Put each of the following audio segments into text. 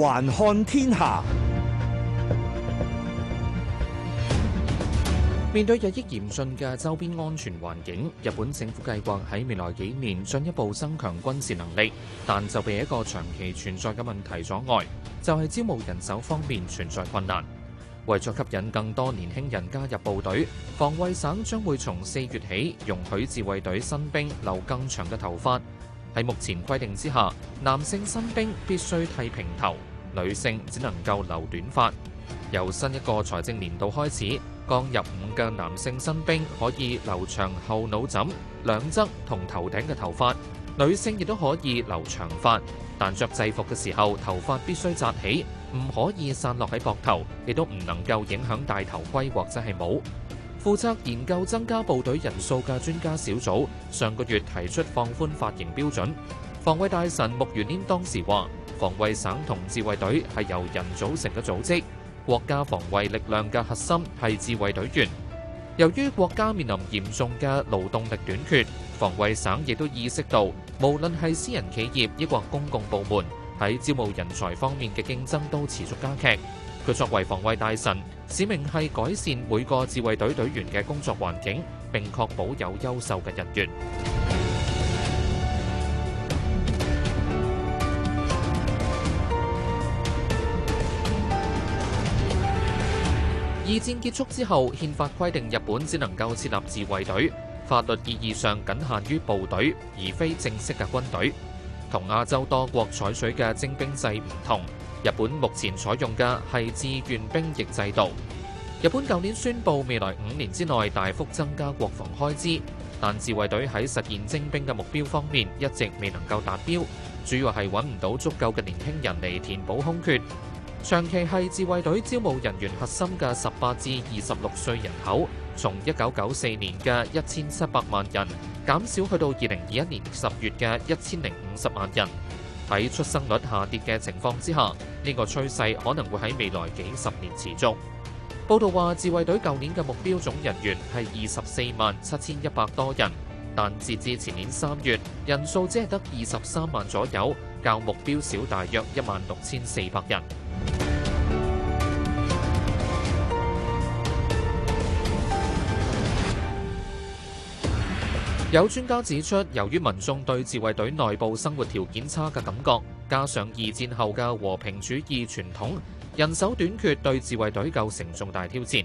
環看天下，面對日益嚴峻嘅周邊安全環境，日本政府計劃喺未來幾年進一步增強軍事能力，但就被一個長期存在嘅問題阻礙，就係招募人手方面存在困難。為咗吸引更多年輕人加入部隊，防衛省將會從四月起容許自衛隊新兵留更長嘅頭髮。喺目前規定之下，男性新兵必須剃平頭。女性只能夠留短髮。由新一個財政年度開始，剛入伍嘅男性新兵可以留長後腦枕兩側同頭頂嘅頭髮，女性亦都可以留長髮。但着制服嘅時候，頭髮必須紮起，唔可以散落喺膊頭，亦都唔能夠影響大頭盔或者係帽。負責研究增加部隊人數嘅專家小組上個月提出放寬髮型標準。防衛大臣木原英當時話：防衛省同自衛隊係由人組成嘅組織，國家防衛力量嘅核心係自衛隊員。由於國家面臨嚴重嘅勞動力短缺，防衛省亦都意識到，無論係私人企業抑或公共部門，喺招募人才方面嘅競爭都持續加劇。佢作為防衛大臣，使命係改善每個自衛隊隊員嘅工作環境，並確保有優秀嘅人員。二戰結束之後，憲法規定日本只能夠設立自衛隊，法律意義上僅限於部隊，而非正式嘅軍隊。同亞洲多國採取嘅徵兵制唔同，日本目前採用嘅係志願兵役制度。日本舊年宣布未來五年之內大幅增加國防開支，但自衛隊喺實現徵兵嘅目標方面一直未能夠達標，主要係揾唔到足夠嘅年輕人嚟填補空缺。長期係自衛隊招募人員核心嘅十八至二十六歲人口，從一九九四年嘅一千七百萬人減少去到二零二一年十月嘅一千零五十萬人。喺出生率下跌嘅情況之下，呢個趨勢可能會喺未來幾十年持續。報道話，自衛隊舊年嘅目標總人員係二十四萬七千一百多人，但截至前年三月，人數只係得二十三萬左右。較目標少大約一萬六千四百人。有專家指出，由於民眾對自衛隊內部生活條件差嘅感覺，加上二戰後嘅和平主義傳統，人手短缺對自衛隊構成重大挑戰。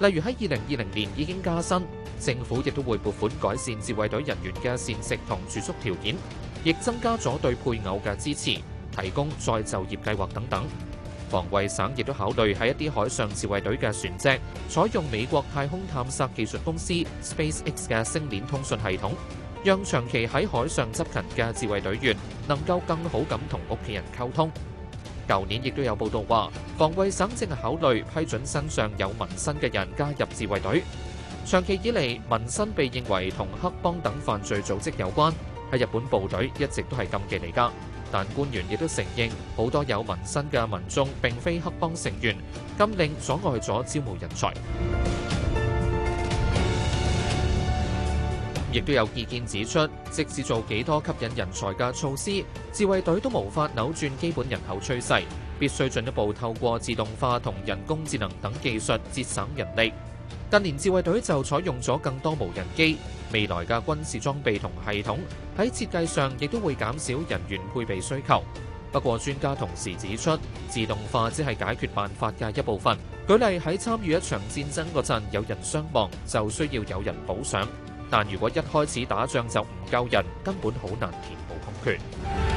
例如喺二零二零年已經加薪，政府亦都會撥款改善自衛隊人員嘅膳食同住宿條件，亦增加咗對配偶嘅支持，提供再就業計劃等等。防衞省亦都考慮喺一啲海上自衛隊嘅船隻採用美國太空探索技術公司 SpaceX 嘅星鏈通訊系統，讓長期喺海上執勤嘅自衛隊員能夠更好咁同屋企人溝通。舊年亦都有報道話，防衛省正係考慮批准身上有紋身嘅人加入自衛隊。長期以嚟，紋身被認為同黑幫等犯罪組織有關，喺日本部隊一直都係禁忌嚟㗎。但官員亦都承認，好多有紋身嘅民眾並非黑幫成員，禁令阻礙咗招募人才。亦都有意見指出，即使做幾多吸引人才嘅措施，自衛隊都無法扭轉基本人口趨勢，必須進一步透過自動化同人工智能等技術節省人力。近年自衛隊就採用咗更多無人機，未來嘅軍事裝備同系統喺設計上亦都會減少人員配備需求。不過，專家同時指出，自動化只係解決辦法嘅一部分。舉例喺參與一場戰爭嗰陣，有人傷亡，就需要有人補償。但如果一開始打仗就唔夠人，根本好難填補空缺。